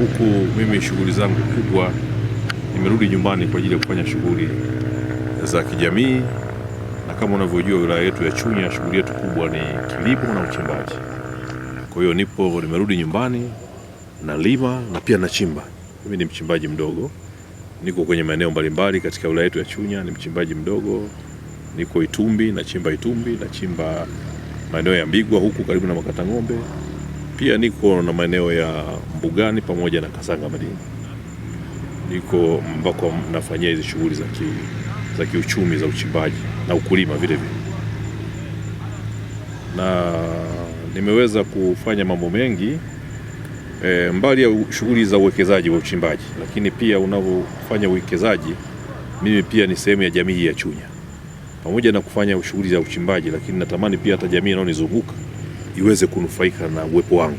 huku mimi shughuli zangu kubwa, nimerudi nyumbani kwa ajili ya kufanya shughuli za kijamii, na kama unavyojua wilaya yetu ya Chunya shughuli yetu kubwa ni kilimo na uchimbaji. Kwa hiyo nipo, nimerudi nyumbani, nalima na pia nachimba. Mimi ni mchimbaji mdogo, niko kwenye maeneo mbalimbali katika wilaya yetu ya Chunya. Ni mchimbaji mdogo, niko Itumbi, nachimba Itumbi, nachimba maeneo ya Mbigwa huku karibu na Makata Ng'ombe. Pia niko na maeneo ya Mbugani pamoja na Kasanga madini, niko ambako nafanyia hizi shughuli za ki, za kiuchumi za uchimbaji na ukulima vile vile, na nimeweza kufanya mambo mengi e, mbali ya shughuli za uwekezaji wa uchimbaji, lakini pia unavyofanya uwekezaji, mimi pia ni sehemu ya jamii ya Chunya pamoja na kufanya shughuli za uchimbaji, lakini natamani pia hata jamii inayonizunguka iweze kunufaika na uwepo wangu.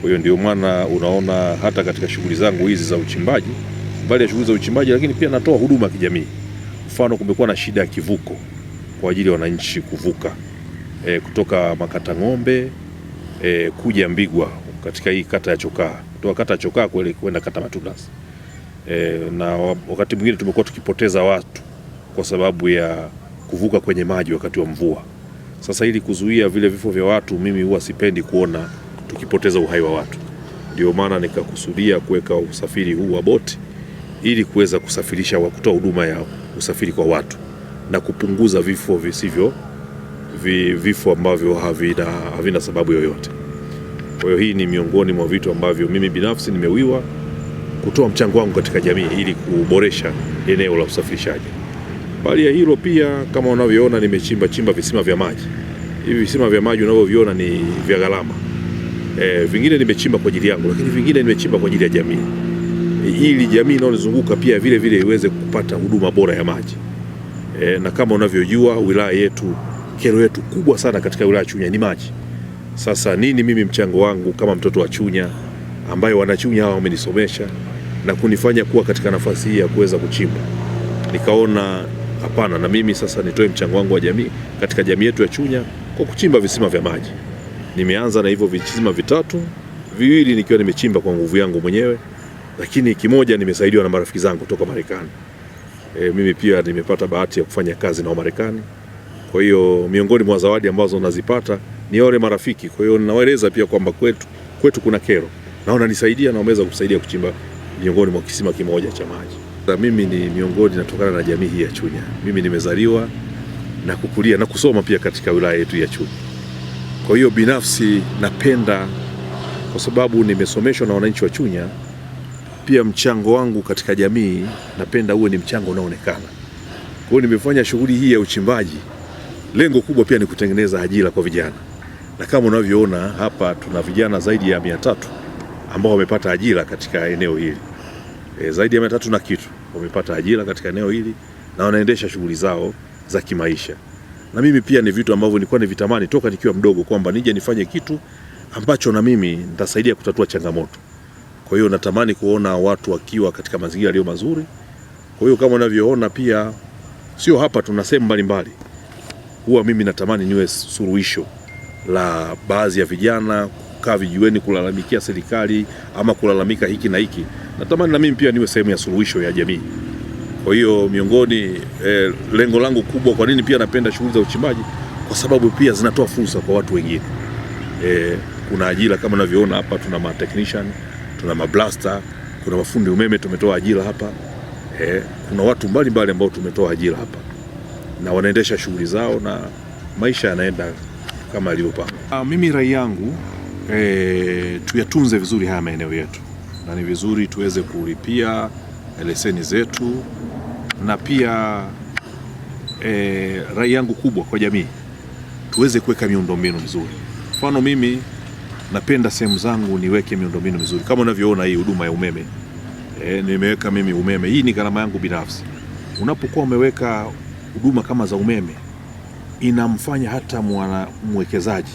Kwa hiyo ndio maana unaona hata katika shughuli zangu hizi za uchimbaji, mbali ya shughuli za uchimbaji, lakini pia natoa huduma ya kijamii. Mfano, kumekuwa na shida ya kivuko kwa ajili ya wananchi kuvuka e, kutoka Makata Ng'ombe e, kuja Mbigwa katika hii kata ya Chokaa, kutoka kata ya Chokaa kwenda kata Matundasi e, na wakati mwingine tumekuwa tukipoteza watu kwa sababu ya kuvuka kwenye maji wakati wa mvua. Sasa ili kuzuia vile vifo vya watu, mimi huwa sipendi kuona tukipoteza uhai wa watu, ndio maana nikakusudia kuweka usafiri huu wa boti ili kuweza kusafirisha wa kutoa huduma ya usafiri kwa watu na kupunguza vifo visivyo vi, vifo ambavyo havina, havina sababu yoyote. Kwa hiyo hii ni miongoni mwa vitu ambavyo mimi binafsi nimewiwa kutoa mchango wangu katika jamii ili kuboresha eneo la usafirishaji. Bali ya hilo pia, kama unavyoona, nimechimba chimba visima vya maji. Hivi visima vya maji unavyoviona ni vya gharama e, vingine nimechimba kwa ajili yangu, lakini vingine nimechimba kwa ajili ya jamii e, ili jamii inayonizunguka pia vile vile iweze kupata huduma bora ya maji e, na kama unavyojua wilaya yetu, kero yetu kubwa sana katika wilaya Chunya ni maji. Sasa nini mimi mchango wangu kama mtoto wa Chunya ambaye wanachunya hawa wamenisomesha na kunifanya kuwa katika nafasi hii ya kuweza kuchimba, nikaona Hapana, na mimi sasa nitoe mchango wangu wa jamii katika jamii yetu ya Chunya kwa kuchimba visima vya maji. Nimeanza na hivyo visima vitatu, viwili nikiwa nimechimba kwa nguvu yangu mwenyewe, lakini kimoja nimesaidiwa na marafiki zangu kutoka Marekani. E, mimi pia nimepata bahati ya kufanya kazi na Marekani. Kwa hiyo miongoni mwa zawadi ambazo nazipata ni wale marafiki. Kwa hiyo ninawaeleza pia kwamba kwetu, kwetu kuna kero na wananisaidia na wameweza kusaidia kuchimba miongoni mwa kisima kimoja cha maji kumbuka, mimi ni miongoni, natokana na jamii hii ya Chunya. Mimi nimezaliwa na kukulia na kusoma pia katika wilaya yetu ya Chunya. Kwa hiyo binafsi napenda kwa sababu nimesomeshwa na wananchi wa Chunya, pia mchango wangu katika jamii napenda uwe ni mchango unaoonekana. Kwa hiyo nimefanya shughuli hii ya uchimbaji, lengo kubwa pia ni kutengeneza ajira kwa vijana, na kama unavyoona hapa tuna vijana zaidi ya mia tatu ambao wamepata ajira katika eneo hili e, zaidi ya mia tatu na kitu wamepata ajira katika eneo hili na wanaendesha shughuli zao za kimaisha. Na mimi pia ni vitu ambavyo nilikuwa nivitamani toka nikiwa mdogo kwamba nije nifanye kitu ambacho na mimi nitasaidia kutatua changamoto. Kwa hiyo natamani kuona watu wakiwa katika mazingira yaliyo mazuri. Kwa hiyo kama unavyoona pia, sio hapa, tuna sehemu mbalimbali, huwa mimi natamani niwe suluhisho la baadhi ya vijana kukaa vijiweni kulalamikia serikali ama kulalamika hiki na hiki natamani na mimi pia niwe sehemu ya suluhisho ya jamii. Kwa hiyo miongoni eh, lengo langu kubwa, kwa nini pia napenda shughuli za uchimbaji, kwa sababu pia zinatoa fursa kwa watu wengine eh, kuna ajira kama unavyoona hapa, tuna ma technician, tuna ma blaster, kuna mafundi umeme tumetoa ajira hapa eh, kuna watu mbalimbali ambao tumetoa ajira hapa na wanaendesha shughuli zao na maisha yanaenda kama yalivyopangwa. Ah, mimi rai yangu eh, tuyatunze vizuri haya maeneo yetu na ni vizuri tuweze kulipia leseni zetu, na pia e, rai yangu kubwa kwa jamii tuweze kuweka miundombinu mizuri. Mfano mimi napenda sehemu zangu niweke miundombinu mizuri kama unavyoona hii huduma ya umeme e, nimeweka mimi umeme. Hii ni gharama yangu binafsi. Unapokuwa umeweka huduma kama za umeme, inamfanya hata mwekezaji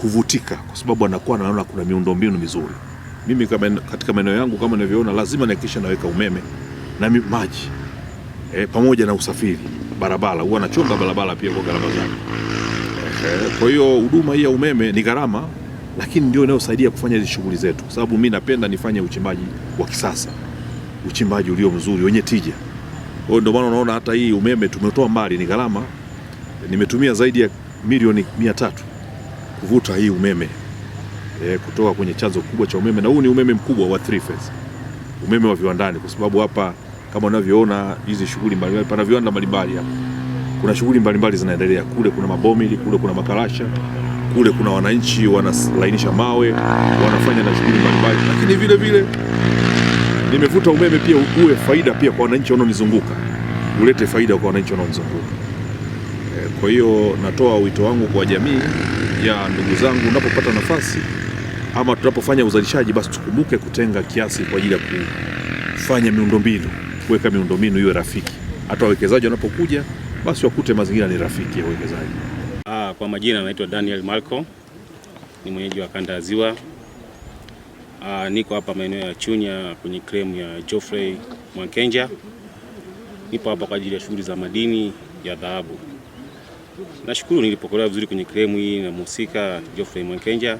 kuvutika, kwa sababu anakuwa anaona kuna miundombinu mizuri mimi katika maeneo yangu kama ninavyoona, lazima nihakikisha naweka umeme na maji e, pamoja na usafiri barabara. Huwa nachonga barabara pia kwa gharama zake. Kwa hiyo huduma hii ya umeme ni gharama, lakini ndio inayosaidia kufanya hizi shughuli zetu, kwa sababu mimi napenda nifanye uchimbaji wa kisasa, uchimbaji ulio mzuri wenye tija. Kwa hiyo ndio maana unaona hata hii umeme tumetoa mbali, ni gharama, nimetumia zaidi ya milioni mia tatu kuvuta hii umeme e, kutoka kwenye chanzo kubwa cha umeme, na huu ni umeme mkubwa wa three phase, umeme wa viwandani, kwa sababu hapa kama unavyoona hizi shughuli mbalimbali, pana viwanda mbalimbali hapa, kuna shughuli mbalimbali zinaendelea kule, kuna mabomili kule, kuna makarasha kule, kuna wananchi wanalainisha mawe, wanafanya na shughuli mbalimbali, lakini vile vile nimevuta umeme pia uwe faida pia kwa wananchi wanaonizunguka, ulete faida kwa wananchi wanaonizunguka. Eh, kwa hiyo natoa wito wangu kwa jamii ya ndugu zangu, unapopata nafasi ama tunapofanya uzalishaji, basi tukumbuke kutenga kiasi kwa ajili ya kufanya miundombinu, kuweka miundombinu iwe rafiki, hata wawekezaji wanapokuja, basi wakute mazingira ni rafiki ya uwekezaji. Ah, kwa majina naitwa Daniel marco ni mwenyeji wa kanda ya Ziwa. Ah, niko hapa maeneo ya Chunya kwenye kremu ya Geoffrey Mwankenja. Nipo hapa kwa ajili ya shughuli za madini ya dhahabu. Nashukuru nilipokelewa vizuri kwenye kremu hii na mhusika Geoffrey Mwankenja.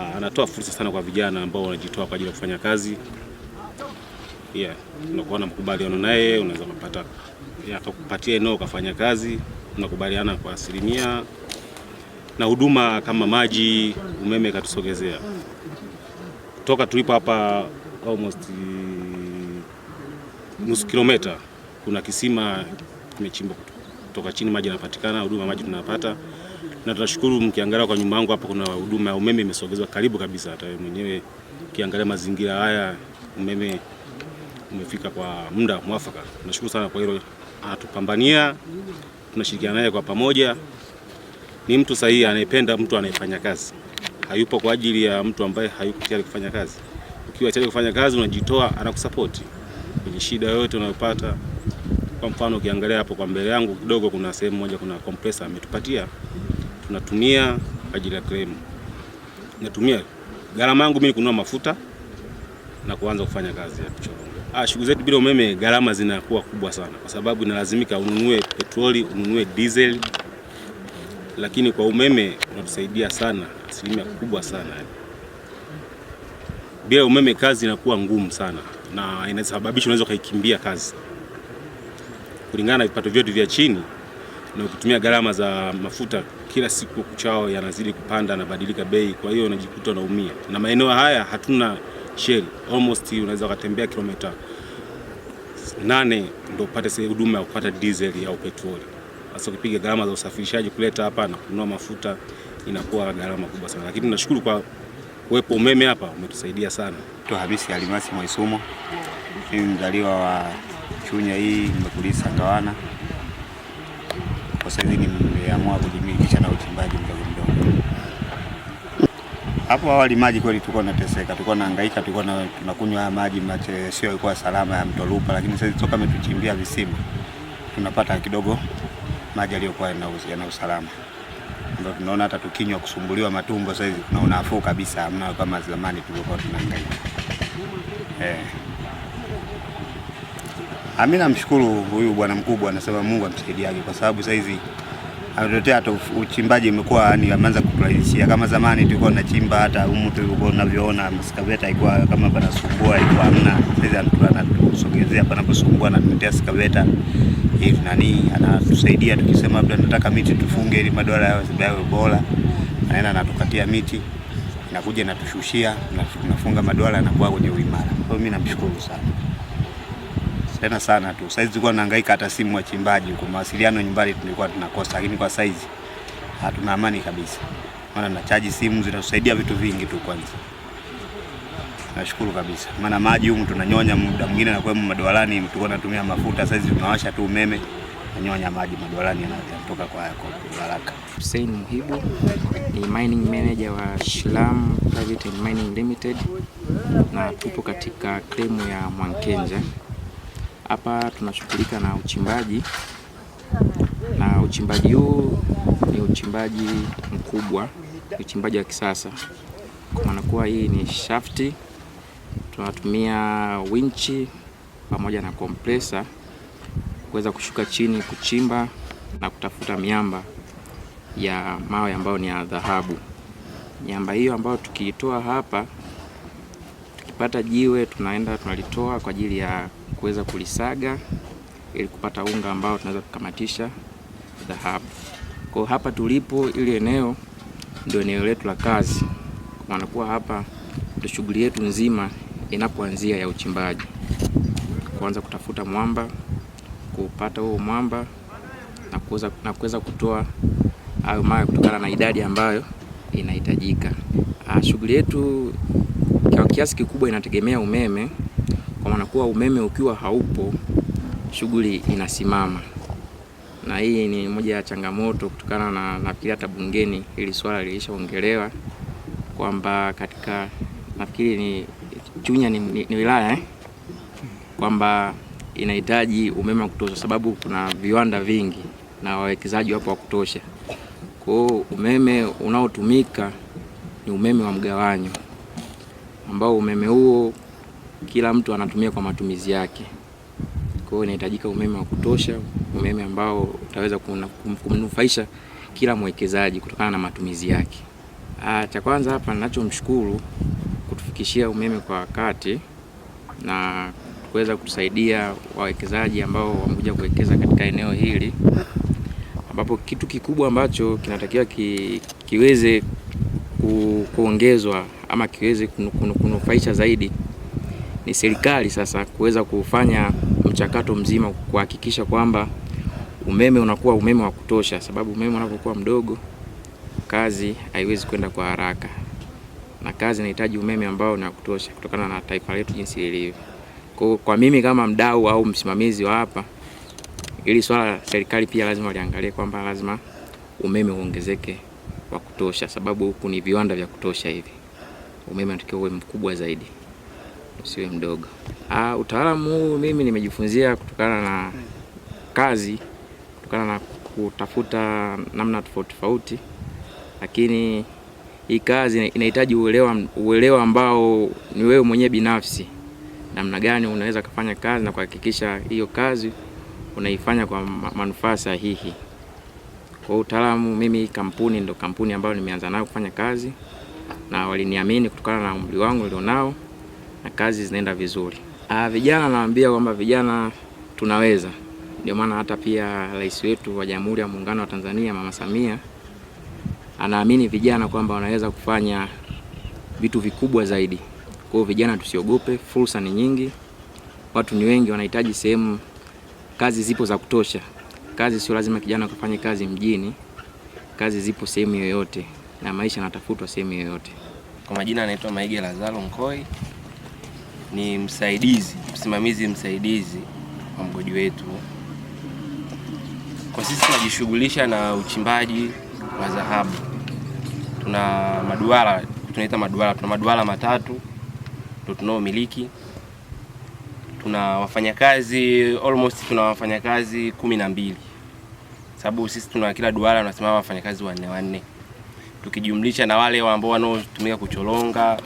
Ah, anatoa fursa sana kwa vijana ambao wanajitoa kwa ajili ya kufanya kazi. Yeah, unakuwa na makubaliano naye, unaweza kupata akakupatia eneo ukafanya kazi, unakubaliana kwa asilimia na huduma kama maji, umeme katusogezea toka tulipo hapa almost eh, nusu kilomita kuna kisima kimechimbwa kutoka chini, maji yanapatikana, huduma maji tunapata na tunashukuru. Mkiangalia kwa nyumba yangu hapo kuna huduma ya umeme imesogezwa karibu kabisa. Hata mwenyewe ukiangalia mazingira haya, umeme umefika kwa muda mwafaka. Tunashukuru sana kwa hilo, atupambania tunashirikiana naye kwa pamoja. Ni mtu sahihi, anayependa mtu anayefanya kazi, hayupo kwa ajili ya mtu ambaye hayuko tayari kufanya kazi. Ukiwa tayari kufanya kazi, unajitoa, anakusapoti kwenye shida yote unayopata. Kwa mfano ukiangalia hapo kwa mbele yangu kidogo, kuna sehemu moja kuna compressor ametupatia tunatumia ajili ya claim. Natumia gharama yangu mimi kununua mafuta na kuanza kufanya kazi ya kuchoronga. Ah, shughuli zetu bila umeme gharama zinakuwa kubwa sana, kwa sababu inalazimika ununue petroli, ununue diesel, lakini kwa umeme unatusaidia sana, asilimia kubwa sana. Bila umeme kazi inakuwa ngumu sana, na inasababisha unaweza ukaikimbia kazi kulingana na vipato vyetu vya chini na ukitumia gharama za mafuta kila siku kuchao yanazidi kupanda, badilika bei, kwa hiyo unajikuta unaumia. Na maeneo haya hatuna Shell, almost unaweza ukatembea kilomita nane ndio upate huduma ya kupata diesel au petroli. Sasa ukipiga gharama za usafirishaji kuleta hapa na kununua mafuta inakuwa gharama kubwa sana, lakini tunashukuru kwa kuwepo umeme hapa umetusaidia sana. Hamisi Alimasi Mwaisumo, mimi mzaliwa wa Chunya hii, nimekulia ngawana kwa sasa hivi nimeamua kujimilikisha na uchimbaji mdogo mdogo. Hapo awali maji kweli tulikuwa tunateseka, tulikuwa tunahangaika, tulikuwa tunakunywa maji mache sio ilikuwa salama ya mto Lupa, lakini sasa toka ametuchimbia visima tunapata kidogo maji yaliyokuwa yana usalama, ndio tunaona hata tukinywa kusumbuliwa matumbo sasa hivi kuna kabisa, hamna kama zamani tulikuwa tunahangaika eh. Mimi namshukuru huyu bwana mkubwa, anasema Mungu amsaidiaje, kwa sababu sasa hivi ametotea hata uchimbaji umekuwa ni ameanza kuturahisishia. Kama zamani tulikuwa tunachimba hata humu tu tulikuwa tunavyoona skaveta ilikuwa kama bana panasumbua, ilikuwa hamna. Sasa anatusogezea na tumetia skaveta hivi nani, anatusaidia tukisema labda nataka miti tufunge ili madola yao yawe bora, anaenda anatukatia miti nakuja natushushia, tunafunga madola na kuwa kwenye uimara. Kwa hiyo mimi namshukuru sana tena sana tu. Saizi tulikuwa tunahangaika hata simu wachimbaji huko, mawasiliano nyumbani tulikuwa tunakosa, lakini kwa saizi hatuna amani kabisa, maana na chaji simu zinatusaidia vitu vingi tu. Kwanza nashukuru kabisa, maana maji huko tunanyonya, muda mwingine na kwemu madwalani tulikuwa tunatumia mafuta, saizi tunawasha tu umeme, nanyonya maji madwalani yanatoka kwa haraka. Hussein Muhibu ni mining manager wa Shlam Private and Mining Limited na tupo katika claim ya Mwankenja. Hapa tunashughulika na uchimbaji na uchimbaji huu ni uchimbaji mkubwa, uchimbaji wa kisasa, kwa maana kuwa hii ni shafti. Tunatumia winchi pamoja na kompresa kuweza kushuka chini kuchimba na kutafuta miamba ya mawe ambayo ni ya dhahabu. Miamba hiyo ambayo tukiitoa hapa tukipata jiwe tunaenda tunalitoa kwa ajili ya kuweza kulisaga ili kupata unga ambao tunaweza kukamatisha dhahabu. Kwa hapa tulipo, ili eneo ndio eneo letu la kazi, kuwa hapa ndio shughuli yetu nzima inapoanzia ya uchimbaji, kuanza kutafuta mwamba, kupata huo mwamba na kuweza kutoa hayo mawe kutokana na idadi ambayo inahitajika. Ah, shughuli yetu kwa kiasi kikubwa inategemea umeme, kwa maana kuwa umeme ukiwa haupo shughuli inasimama, na hii ni moja ya changamoto kutokana na nafikiri hata bungeni hili swala lilishaongelewa kwamba katika nafikiri ni Chunya ni, ni, ni wilaya eh? kwamba inahitaji umeme wa kutosha, sababu kuna viwanda vingi na wawekezaji wapo wa kutosha. Kwa hiyo umeme unaotumika ni umeme wa mgawanyo ambao umeme huo kila mtu anatumia kwa matumizi yake. Kwa hiyo inahitajika umeme wa kutosha, umeme ambao utaweza kumnufaisha kila mwekezaji kutokana na matumizi yake. Ah, cha kwanza hapa ninachomshukuru kutufikishia umeme kwa wakati na kuweza kutusaidia wawekezaji ambao wamekuja kuwekeza katika eneo hili ambapo kitu kikubwa ambacho kinatakiwa ki, kiweze ku, kuongezwa ama kiweze kunufaisha zaidi ni serikali sasa kuweza kufanya mchakato mzima kuhakikisha kwamba umeme unakuwa umeme wa kutosha, sababu umeme unapokuwa mdogo kazi haiwezi kwenda kwa haraka, na kazi inahitaji umeme ambao ni wa kutosha kutokana na taifa letu jinsi lilivyo. Kwa, kwa mimi kama mdau au msimamizi wa hapa ili swala serikali pia lazima waliangalie kwamba lazima umeme uongezeke wa kutosha, sababu huku ni viwanda vya kutosha hivi. Umeme unatakiwa uwe mkubwa zaidi, usiwe mdogo. Ah, utaalamu huu mimi nimejifunzia kutokana na kazi, kutokana na kutafuta namna tofauti tofauti, lakini hii kazi inahitaji uelewa, uelewa ambao ni wewe mwenyewe binafsi, namna gani unaweza kufanya kazi na kuhakikisha hiyo kazi unaifanya kwa manufaa sahihi. Kwa utaalamu, mimi kampuni ndo kampuni ambayo nimeanza nayo kufanya kazi na waliniamini kutokana na umri wangu nilionao na kazi zinaenda vizuri. Ah, vijana nawaambia kwamba vijana tunaweza. Ndio maana hata pia rais wetu wa Jamhuri ya Muungano wa Tanzania Mama Samia anaamini vijana kwamba wanaweza kufanya vitu vikubwa zaidi. Kwa hiyo vijana tusiogope, fursa ni nyingi, watu ni wengi wanahitaji sehemu kazi zipo za kutosha. Kazi sio lazima kijana akafanye kazi mjini, kazi zipo sehemu yoyote na maisha yanatafutwa sehemu yoyote. Kwa majina anaitwa Maige Lazaro Nkoi, ni msaidizi msimamizi msaidizi wa mgodi wetu. Kwa sisi tunajishughulisha na uchimbaji wa dhahabu. Tuna maduara tunaita maduara, tuna maduara matatu ndio tunaomiliki tuna wafanyakazi almost tuna wafanyakazi kumi na mbili sababu sisi tuna kila duara tunasimama wafanyakazi wanne wanne, tukijumlisha na wale ambao wanaotumika kuchoronga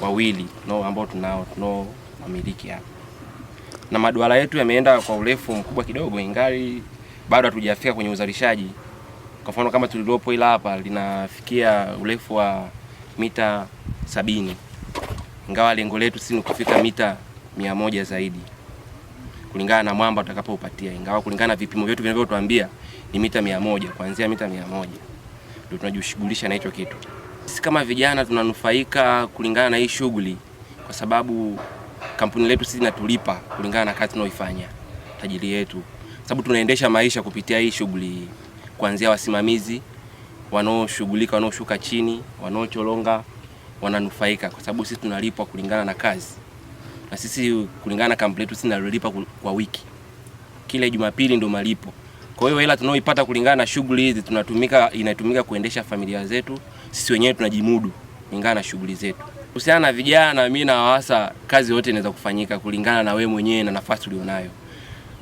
wawili no ambao tunao tunao wamiliki hapa, na maduara yetu yameenda kwa urefu mkubwa kidogo, ingali bado hatujafika kwenye uzalishaji. Kwa mfano kama tulilopo ila hapa linafikia urefu wa mita sabini ingawa lengo letu si ni kufika mita mia moja zaidi kulingana na mwamba utakapoupatia, ingawa kulingana na vipimo vyetu vinavyotuambia ni mita mia moja kuanzia mita mia moja ndio tunajishughulisha na hicho kitu. Sisi kama vijana tunanufaika kulingana na hii shughuli, kwa sababu kampuni letu sisi natulipa kulingana na kazi tunaoifanya, tajiri yetu, sababu tunaendesha maisha kupitia hii shughuli, kuanzia wasimamizi wanaoshughulika, wanaoshuka chini, wanaocholonga, wananufaika kwa sababu sisi tunalipwa kulingana na kazi na sisi kulingana na kampuni yetu sisi nalolipa kwa wiki, kile Jumapili ndo malipo. Kwa hiyo hela tunaoipata kulingana na shughuli hizi tunatumika, inatumika kuendesha familia zetu, sisi wenyewe tunajimudu kulingana na shughuli zetu. Kuhusiana na vijana, mimi na wasa, kazi yote inaweza kufanyika kulingana na wewe mwenyewe na nafasi ulionayo,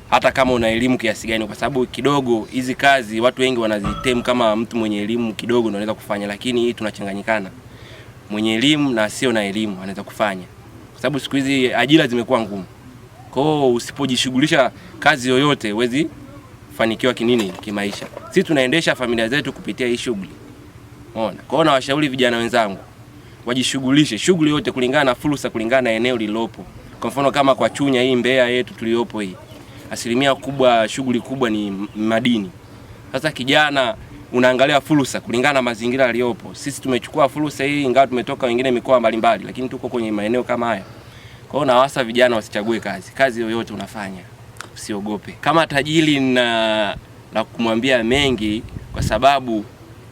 hata kama una elimu kiasi gani, kwa sababu kidogo hizi kazi watu wengi wanazitem kama mtu mwenye elimu kidogo ndo anaweza kufanya, lakini hii tunachanganyikana, mwenye elimu na sio na elimu anaweza kufanya sababu siku hizi ajira zimekuwa ngumu. Kwa hiyo usipojishughulisha kazi yoyote huwezi fanikiwa kinini kimaisha. Sisi tunaendesha familia zetu kupitia hii shughuli. Unaona? Kwa hiyo nawashauri vijana wenzangu wajishughulishe shughuli yote kulingana na fursa, kulingana na eneo lililopo. Kwa mfano kama kwa Chunya hii Mbeya yetu tuliyopo hii, asilimia kubwa shughuli kubwa ni madini. Sasa kijana unaangalia fursa kulingana na mazingira yaliyopo. Sisi tumechukua fursa hii, ingawa tumetoka wengine mikoa mbalimbali, lakini tuko kwenye maeneo kama haya. Kwa hiyo nawasa vijana wasichague kazi, kazi yoyote unafanya usiogope. Kama tajiri na la kumwambia mengi, kwa sababu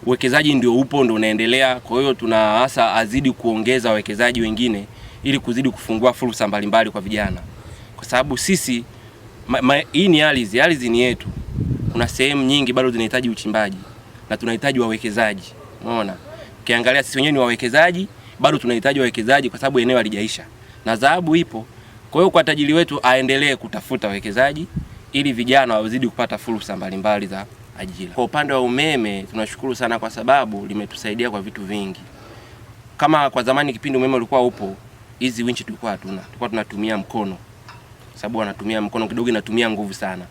uwekezaji ndio upo, ndio unaendelea. Kwa hiyo tunawasa azidi kuongeza wawekezaji wengine, ili kuzidi kufungua fursa mbalimbali kwa vijana, kwa sababu sisi ma, ma, hii ni ardhi, ardhi ni yetu. Kuna sehemu nyingi bado zinahitaji uchimbaji na tunahitaji wawekezaji. Umeona, ukiangalia sisi wenyewe ni wawekezaji, bado tunahitaji wawekezaji kwa sababu eneo halijaisha na dhahabu ipo. Kwa hiyo kwa tajiri wetu aendelee kutafuta wawekezaji ili vijana wazidi kupata fursa mbalimbali za ajira. Kwa upande wa umeme tunashukuru sana kwa sababu limetusaidia kwa vitu vingi. Kama kwa zamani kipindi umeme ulikuwa upo, hizi winchi tulikuwa hatuna. Tulikuwa tunatumia mkono. Sababu wanatumia mkono kidogo inatumia nguvu sana.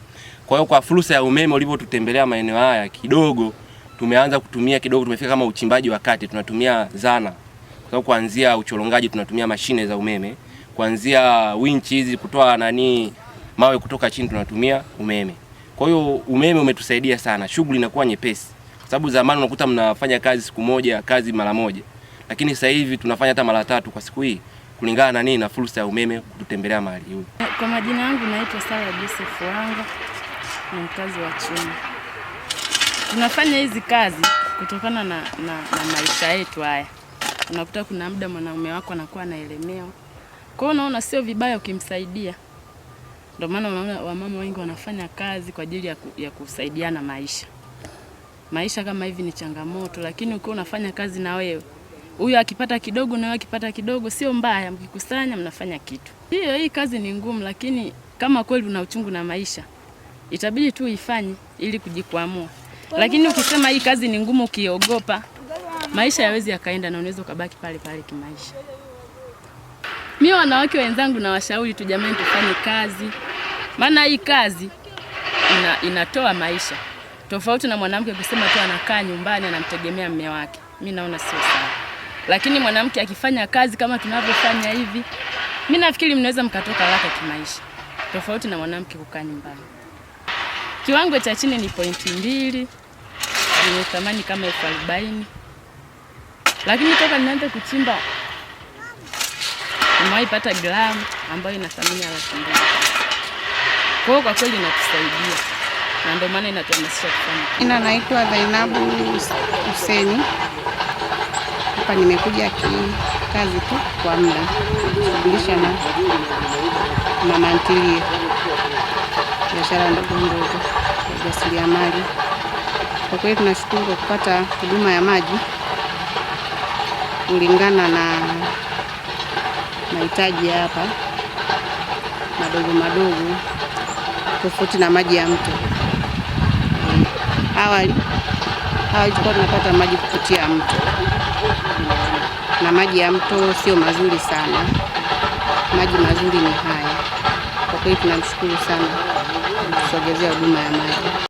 Kwa hiyo kwa fursa ya umeme ulivyotutembelea maeneo haya kidogo tumeanza kutumia kidogo, tumefika kama uchimbaji wa kati, tunatumia zana kwa sababu kuanzia uchorongaji tunatumia mashine za umeme, kuanzia winch hizi kutoa nani mawe kutoka chini tunatumia umeme. Kwa hiyo umeme umetusaidia sana, shughuli inakuwa nyepesi, kwa sababu zamani unakuta mnafanya kazi siku moja kazi mara moja, lakini sasa hivi tunafanya hata mara tatu kwa siku hii kulingana na nini na fursa ya umeme kututembelea mahali huyu. Kwa majina yangu naitwa Sara Joseph Wanga, ni mkazi wa Chuma tunafanya hizi kazi kutokana na, na, na maisha yetu haya. Unakuta kuna muda mwanaume wako anakuwa anaelemewa, kwa hiyo unaona sio vibaya ukimsaidia. Ndio maana unaona wamama wengi wanafanya kazi kwa ajili ya, ku, ya kusaidiana maisha. Maisha kama hivi ni changamoto, lakini ukiwa unafanya kazi na wewe huyo akipata kidogo na wewe akipata kidogo, sio mbaya, mkikusanya mnafanya kitu. Hiyo hii kazi ni ngumu, lakini kama kweli una uchungu na maisha, itabidi tu ifanye ili kujikwamua. Lakini ukisema hii kazi ni ngumu, ukiogopa maisha yawezi yakaenda, na unaweza ukabaki pale pale kimaisha. Mimi wanawake wenzangu na washauri tu, jamani, tufanye kazi, maana hii kazi ina, inatoa maisha tofauti na mwanamke kusema tu anakaa nyumbani anamtegemea mume wake. Mimi naona sio sawa, lakini mwanamke akifanya kazi kama tunavyofanya hivi, mimi nafikiri mnaweza mkatoka haraka kimaisha, tofauti na mwanamke kukaa nyumbani. Kiwango cha chini ni pointi mbili yenye thamani kama elfu arobaini lakini toka nianze kuchimba nimewahi pata gramu ambayo ina thamani ya laki mbili. Kwa hiyo kwa kweli inatusaidia na ndio maana inatuhamasisha kufanya. Mimi naitwa Zainabu Huseni, hapa nimekuja kikazi tu kwa muda kushughulisha na mama ntilie biashara ndogo ndogo ujasiriamali. Kwa kweli tunashukuru kwa kupata huduma ya maji kulingana na mahitaji hapa madogo madogo, tofauti na maji ya mto. Awali awali tulikuwa tunapata maji kupitia mto, na maji ya mto sio mazuri sana. Maji mazuri ni haya. Kwa kweli tunamshukuru sana kusogezea huduma ya maji.